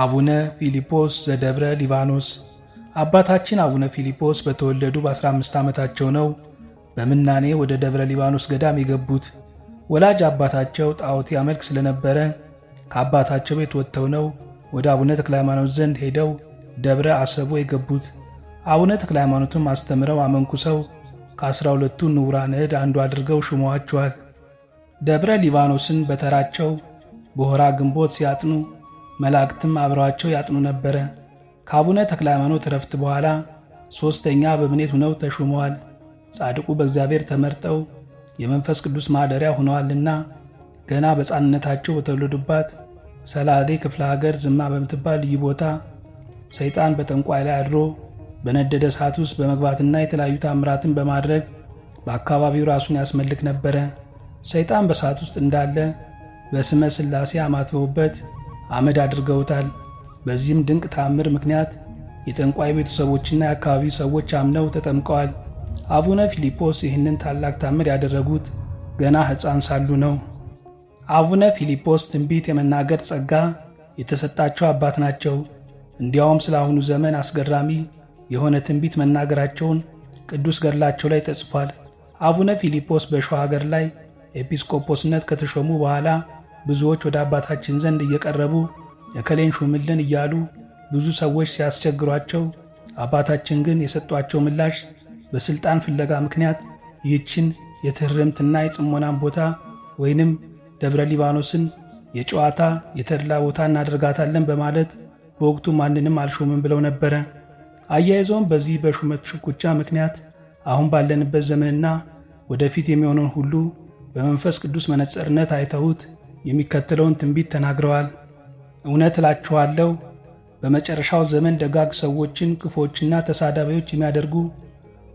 አቡነ ፊልጶስ ዘደብረ ሊባኖስ። አባታችን አቡነ ፊልጶስ በተወለዱ በ15 ዓመታቸው ነው በምናኔ ወደ ደብረ ሊባኖስ ገዳም የገቡት። ወላጅ አባታቸው ጣዖት ያመልክ ስለነበረ ከአባታቸው ቤት ወጥተው ነው ወደ አቡነ ተክለ ሃይማኖት ዘንድ ሄደው ደብረ አሰቦ የገቡት። አቡነ ተክለ ሃይማኖትም አስተምረው አመንኩሰው ከአስራ ሁለቱ ንውራን ንዕድ አንዱ አድርገው ሹመዋቸዋል። ደብረ ሊባኖስን በተራቸው በሆራ ግንቦት ሲያጥኑ መላእክትም አብረዋቸው ያጥኑ ነበረ። ከአቡነ ተክለ ሃይማኖት እረፍት በኋላ ሦስተኛ በምኔት ሁነው ተሹመዋል። ጻድቁ በእግዚአብሔር ተመርጠው የመንፈስ ቅዱስ ማደሪያ ሆነዋልና ገና በሕፃንነታቸው በተወለዱባት ሰላሌ ክፍለ ሀገር ዝማ በምትባል ልዩ ቦታ ሰይጣን በጠንቋይ ላይ አድሮ በነደደ እሳት ውስጥ በመግባትና የተለያዩ ታምራትን በማድረግ በአካባቢው ራሱን ያስመልክ ነበረ። ሰይጣን በእሳት ውስጥ እንዳለ በስመ ሥላሴ አማትበውበት አመድ አድርገውታል። በዚህም ድንቅ ተአምር ምክንያት የጠንቋይ ቤተሰቦችና የአካባቢው ሰዎች አምነው ተጠምቀዋል። አቡነ ፊልጶስ ይህንን ታላቅ ታምር ያደረጉት ገና ሕፃን ሳሉ ነው። አቡነ ፊልጶስ ትንቢት የመናገር ጸጋ የተሰጣቸው አባት ናቸው። እንዲያውም ስለ አሁኑ ዘመን አስገራሚ የሆነ ትንቢት መናገራቸውን ቅዱስ ገድላቸው ላይ ተጽፏል። አቡነ ፊልጶስ በሸዋ ሀገር ላይ ኤጲስቆጶስነት ከተሾሙ በኋላ ብዙዎች ወደ አባታችን ዘንድ እየቀረቡ የከሌን ሹምልን እያሉ ብዙ ሰዎች ሲያስቸግሯቸው፣ አባታችን ግን የሰጧቸው ምላሽ በሥልጣን ፍለጋ ምክንያት ይህችን የትህርምትና የጽሞናን ቦታ ወይንም ደብረ ሊባኖስን የጨዋታ የተድላ ቦታ እናደርጋታለን በማለት በወቅቱ ማንንም አልሾምም ብለው ነበረ። አያይዘውም በዚህ በሹመት ሽኩቻ ምክንያት አሁን ባለንበት ዘመንና ወደፊት የሚሆነውን ሁሉ በመንፈስ ቅዱስ መነጽርነት አይተውት የሚከተለውን ትንቢት ተናግረዋል። እውነት እላችኋለሁ በመጨረሻው ዘመን ደጋግ ሰዎችን ክፎችና ተሳዳቢዎች የሚያደርጉ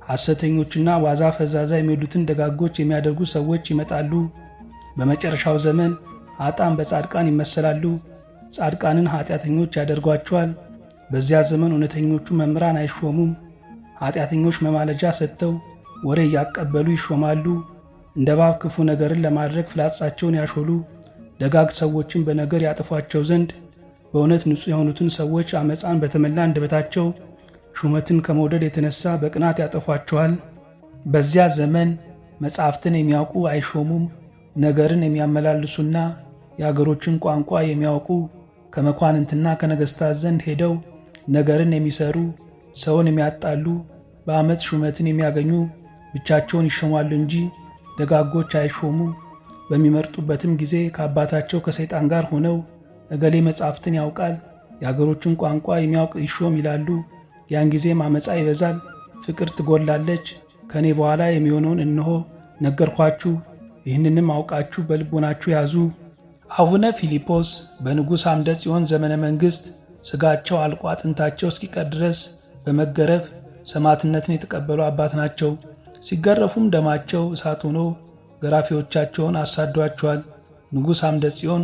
ሐሰተኞችና ዋዛ ፈዛዛ የሚሉትን ደጋጎች የሚያደርጉ ሰዎች ይመጣሉ። በመጨረሻው ዘመን አጣም በጻድቃን ይመሰላሉ፣ ጻድቃንን ኃጢአተኞች ያደርጓቸዋል። በዚያ ዘመን እውነተኞቹ መምህራን አይሾሙም፣ ኃጢአተኞች መማለጃ ሰጥተው ወሬ እያቀበሉ ይሾማሉ። እንደ እባብ ክፉ ነገርን ለማድረግ ፍላጻቸውን ያሾሉ ደጋግ ሰዎችን በነገር ያጥፏቸው ዘንድ በእውነት ንጹሕ የሆኑትን ሰዎች አመፃን በተመላ አንደበታቸው ሹመትን ከመውደድ የተነሳ በቅናት ያጠፏቸዋል። በዚያ ዘመን መጻሕፍትን የሚያውቁ አይሾሙም። ነገርን የሚያመላልሱና የአገሮችን ቋንቋ የሚያውቁ ከመኳንንትና ከነገሥታት ዘንድ ሄደው ነገርን የሚሰሩ ሰውን የሚያጣሉ በአመፅ ሹመትን የሚያገኙ ብቻቸውን ይሾማሉ እንጂ ደጋጎች አይሾሙም። በሚመርጡበትም ጊዜ ከአባታቸው ከሰይጣን ጋር ሆነው እገሌ መጻሕፍትን ያውቃል፣ የአገሮችን ቋንቋ የሚያውቅ ይሾም ይላሉ። ያን ጊዜም አመፃ ይበዛል፣ ፍቅር ትጎላለች። ከእኔ በኋላ የሚሆነውን እንሆ ነገርኳችሁ፣ ይህንንም አውቃችሁ በልቦናችሁ ያዙ። አቡነ ፊልጶስ በንጉሥ አምደ ጽዮን ዘመነ መንግሥት ሥጋቸው አልቆ አጥንታቸው እስኪቀር ድረስ በመገረፍ ሰማዕትነትን የተቀበሉ አባት ናቸው። ሲገረፉም ደማቸው እሳት ሆኖ ገራፊዎቻቸውን አሳዷቸዋል። ንጉሥ አምደ ጽዮን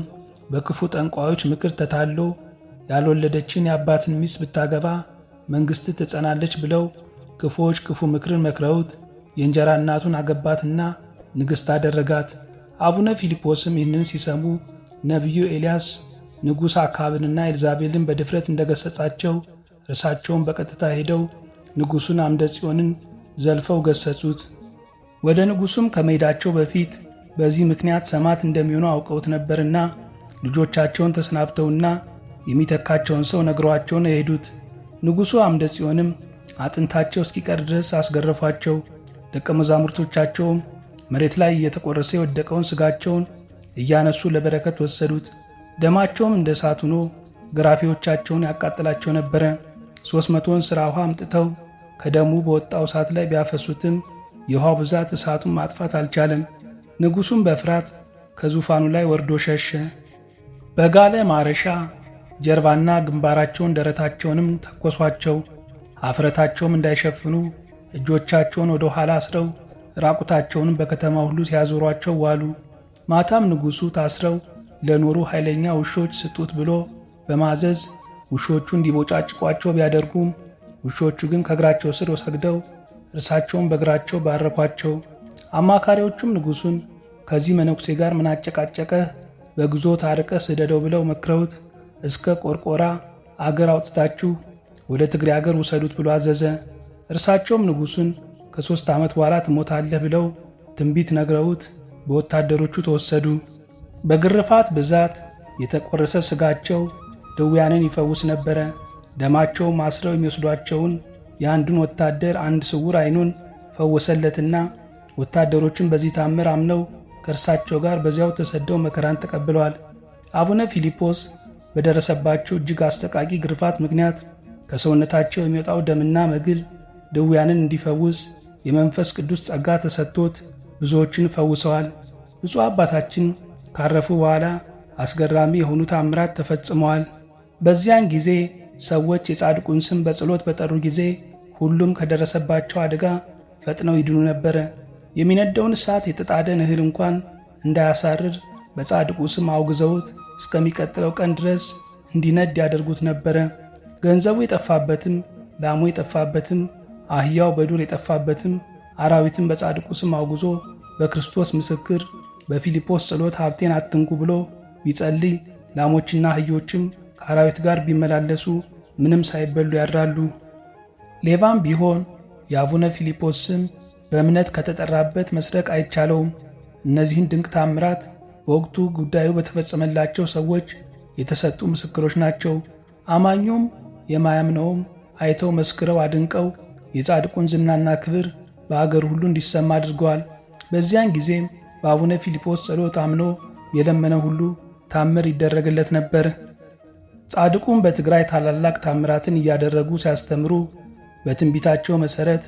በክፉ ጠንቋዮች ምክር ተታሎ ያልወለደችን የአባትን ሚስት ብታገባ መንግሥት ትጸናለች ብለው ክፉዎች ክፉ ምክርን መክረውት የእንጀራ እናቱን አገባትና ንግሥት አደረጋት። አቡነ ፊልጶስም ይህንን ሲሰሙ ነቢዩ ኤልያስ ንጉሥ አካብንና ኤልዛቤልን በድፍረት እንደገሰጻቸው እርሳቸውን በቀጥታ ሄደው ንጉሡን አምደ ጽዮንን ዘልፈው ገሰጹት። ወደ ንጉሱም ከመሄዳቸው በፊት በዚህ ምክንያት ሰማዕት እንደሚሆኑ አውቀውት ነበርና ልጆቻቸውን ተሰናብተውና የሚተካቸውን ሰው ነግሯቸውን የሄዱት። ንጉሡ አምደ ጽዮንም አጥንታቸው እስኪቀር ድረስ አስገረፏቸው። ደቀ መዛሙርቶቻቸውም መሬት ላይ እየተቆረሰ የወደቀውን ሥጋቸውን እያነሱ ለበረከት ወሰዱት። ደማቸውም እንደ እሳት ሆኖ ግራፊዎቻቸውን ያቃጥላቸው ነበረ። ሦስት መቶን ሥራ ውሃ አምጥተው ከደሙ በወጣው እሳት ላይ ቢያፈሱትም የውሃው ብዛት እሳቱን ማጥፋት አልቻለም። ንጉሡም በፍርሃት ከዙፋኑ ላይ ወርዶ ሸሸ። በጋለ ማረሻ ጀርባና ግንባራቸውን ደረታቸውንም ተኮሷቸው። አፍረታቸውም እንዳይሸፍኑ እጆቻቸውን ወደ ኋላ አስረው ራቁታቸውንም በከተማ ሁሉ ሲያዞሯቸው ዋሉ። ማታም ንጉሡ ታስረው ለኖሩ ኃይለኛ ውሾች ስጡት ብሎ በማዘዝ ውሾቹ እንዲቦጫጭቋቸው ቢያደርጉም ውሾቹ ግን ከእግራቸው ስር ወሰግደው እርሳቸውን በእግራቸው ባረኳቸው። አማካሪዎቹም ንጉሱን ከዚህ መነኩሴ ጋር ምን አጨቃጨቀህ? በግዞት አርቀህ ስደደው ብለው መክረውት እስከ ቆርቆራ አገር አውጥታችሁ ወደ ትግሬ አገር ውሰዱት ብሎ አዘዘ። እርሳቸውም ንጉሱን ከሦስት ዓመት በኋላ ትሞታለህ ብለው ትንቢት ነግረውት በወታደሮቹ ተወሰዱ። በግርፋት ብዛት የተቆረሰ ሥጋቸው ድውያንን ይፈውስ ነበረ። ደማቸውም አስረው የሚወስዷቸውን የአንዱን ወታደር አንድ ስውር ዓይኑን ፈወሰለትና ወታደሮቹን በዚህ ታምር አምነው ከእርሳቸው ጋር በዚያው ተሰደው መከራን ተቀብለዋል። አቡነ ፊልጶስ በደረሰባቸው እጅግ አስጠቃቂ ግርፋት ምክንያት ከሰውነታቸው የሚወጣው ደምና መግል ድውያንን እንዲፈውስ የመንፈስ ቅዱስ ጸጋ ተሰጥቶት ብዙዎችን ፈውሰዋል። ብፁዕ አባታችን ካረፉ በኋላ አስገራሚ የሆኑ ታምራት ተፈጽመዋል። በዚያን ጊዜ ሰዎች የጻድቁን ስም በጸሎት በጠሩ ጊዜ ሁሉም ከደረሰባቸው አደጋ ፈጥነው ይድኑ ነበረ። የሚነደውን እሳት የተጣደን እህል እንኳን እንዳያሳርር በጻድቁ ስም አውግዘውት እስከሚቀጥለው ቀን ድረስ እንዲነድ ያደርጉት ነበረ። ገንዘቡ የጠፋበትም ላሙ የጠፋበትም አህያው በዱር የጠፋበትም አራዊትም በጻድቁ ስም አውግዞ በክርስቶስ ምስክር በፊልጶስ ጸሎት ሀብቴን አትንኩ ብሎ ቢጸልይ ላሞችና አህዮችም ከአራዊት ጋር ቢመላለሱ ምንም ሳይበሉ ያድራሉ። ሌባም ቢሆን የአቡነ ፊልጶስ ስም በእምነት ከተጠራበት መስረቅ አይቻለውም። እነዚህን ድንቅ ታምራት በወቅቱ ጉዳዩ በተፈጸመላቸው ሰዎች የተሰጡ ምስክሮች ናቸው። አማኙም የማያምነውም አይተው መስክረው አድንቀው የጻድቁን ዝናና ክብር በአገር ሁሉ እንዲሰማ አድርገዋል። በዚያን ጊዜም በአቡነ ፊልጶስ ጸሎት አምኖ የለመነ ሁሉ ታምር ይደረግለት ነበር። ጻድቁም በትግራይ ታላላቅ ታምራትን እያደረጉ ሲያስተምሩ በትንቢታቸው መሠረት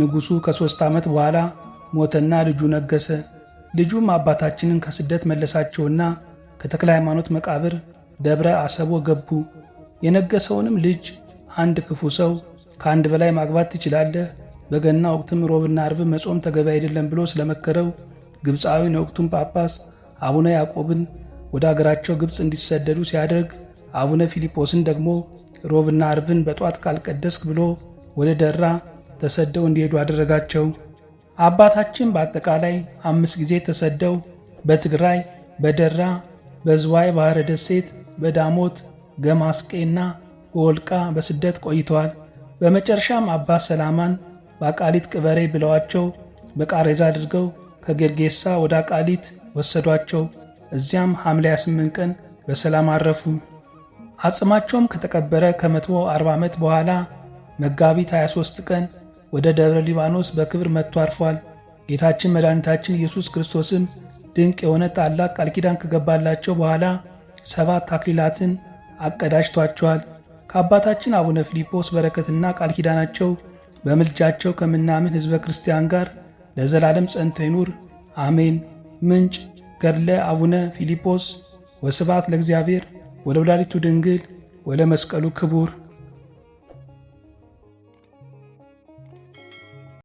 ንጉሡ ከሦስት ዓመት በኋላ ሞተና ልጁ ነገሰ። ልጁም አባታችንን ከስደት መለሳቸውና ከተክለ ሃይማኖት መቃብር ደብረ አሰቦ ገቡ። የነገሰውንም ልጅ አንድ ክፉ ሰው ከአንድ በላይ ማግባት ትችላለህ፣ በገና ወቅትም ሮብና አርብ መጾም ተገቢ አይደለም ብሎ ስለመከረው ግብፃዊን የወቅቱን ጳጳስ አቡነ ያዕቆብን ወደ አገራቸው ግብፅ እንዲሰደዱ ሲያደርግ አቡነ ፊልጶስን ደግሞ ሮብና አርብን በጧት ካልቀደስክ ብሎ ወደ ደራ ተሰደው እንዲሄዱ አደረጋቸው። አባታችን በአጠቃላይ አምስት ጊዜ ተሰደው በትግራይ፣ በደራ፣ በዝዋይ ባህረ ደሴት፣ በዳሞት ገማስቄና በወልቃ በስደት ቆይተዋል። በመጨረሻም አባ ሰላማን በአቃሊት ቅበሬ ብለዋቸው በቃሬዛ አድርገው ከጌርጌሳ ወደ አቃሊት ወሰዷቸው። እዚያም ሐምሌ 28 ቀን በሰላም አረፉ። አጽማቸውም ከተቀበረ ከመቶ 40 ዓመት በኋላ መጋቢት 23 ቀን ወደ ደብረ ሊባኖስ በክብር መጥቶ አርፏል። ጌታችን መድኃኒታችን ኢየሱስ ክርስቶስም ድንቅ የሆነ ታላቅ ቃል ኪዳን ከገባላቸው በኋላ ሰባት አክሊላትን አቀዳጅቷቸዋል። ከአባታችን አቡነ ፊልጶስ በረከትና ቃል ኪዳናቸው በምልጃቸው ከምናምን ሕዝበ ክርስቲያን ጋር ለዘላለም ጸንቶ ይኑር አሜን። ምንጭ ገድለ አቡነ ፊልጶስ። ወስብሐት ለእግዚአብሔር ወለወላዲቱ ድንግል ወለመስቀሉ ክቡር